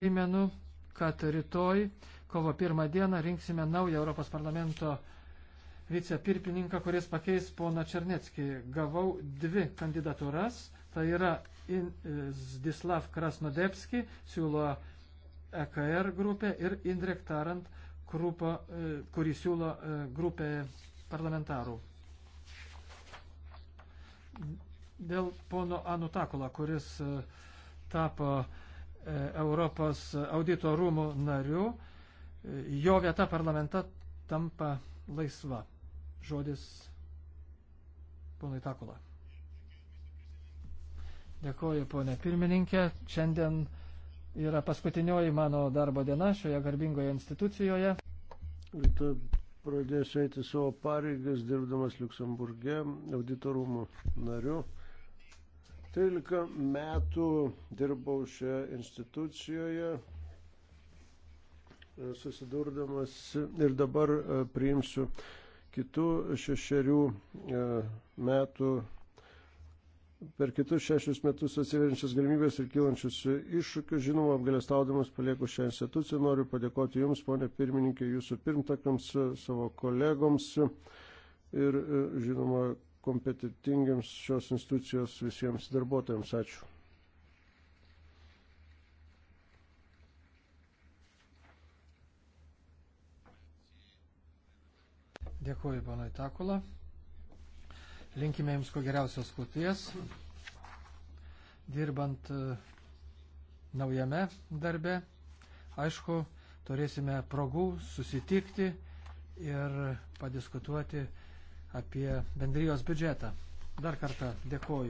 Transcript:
Primenu, kad rytoj, kovo pirmą dieną, rinksime naują Europos parlamento vicepirpininką, kuris pakeis poną Černetskį. Gavau dvi kandidatūras. Tai yra e, Zdislav Krasnodepski, siūlo EKR grupė ir Indrek Tarant, grupa, e, kurį siūlo e, grupė parlamentarų. Dėl pono Anutakola, kuris tapo Europos audito rūmų nariu, jo vieta parlamente tampa laisva. Žodis ponui Takula. Dėkoju, ponė pirmininkė. Šiandien yra paskutinioji mano darbo diena šioje garbingoje institucijoje. Tu pradėsiu eiti savo pareigas dirbdamas Luksemburge auditorumų nariu. 13 metų dirbau šioje institucijoje, e, susidurdamas ir dabar e, priimsiu kitų šešerių e, metų, per kitus šešius metus atsiverinčias galimybės ir kylančius iššūkius. Žinoma, apgalėstaudamas palieku šią instituciją, noriu padėkoti Jums, ponė pirmininkė, Jūsų pirmtakams, savo kolegoms ir, žinoma, kompetitingiams šios institucijos visiems darbuotojams. Ačiū. Dėkuoju, panai Takula. Linkime Jums ko geriausios kloties, dirbant e, naujame darbe. Aišku, turėsime progų susitikti ir padiskutuoti apie bendrijos biudžetą. Dar kartą dėkoju.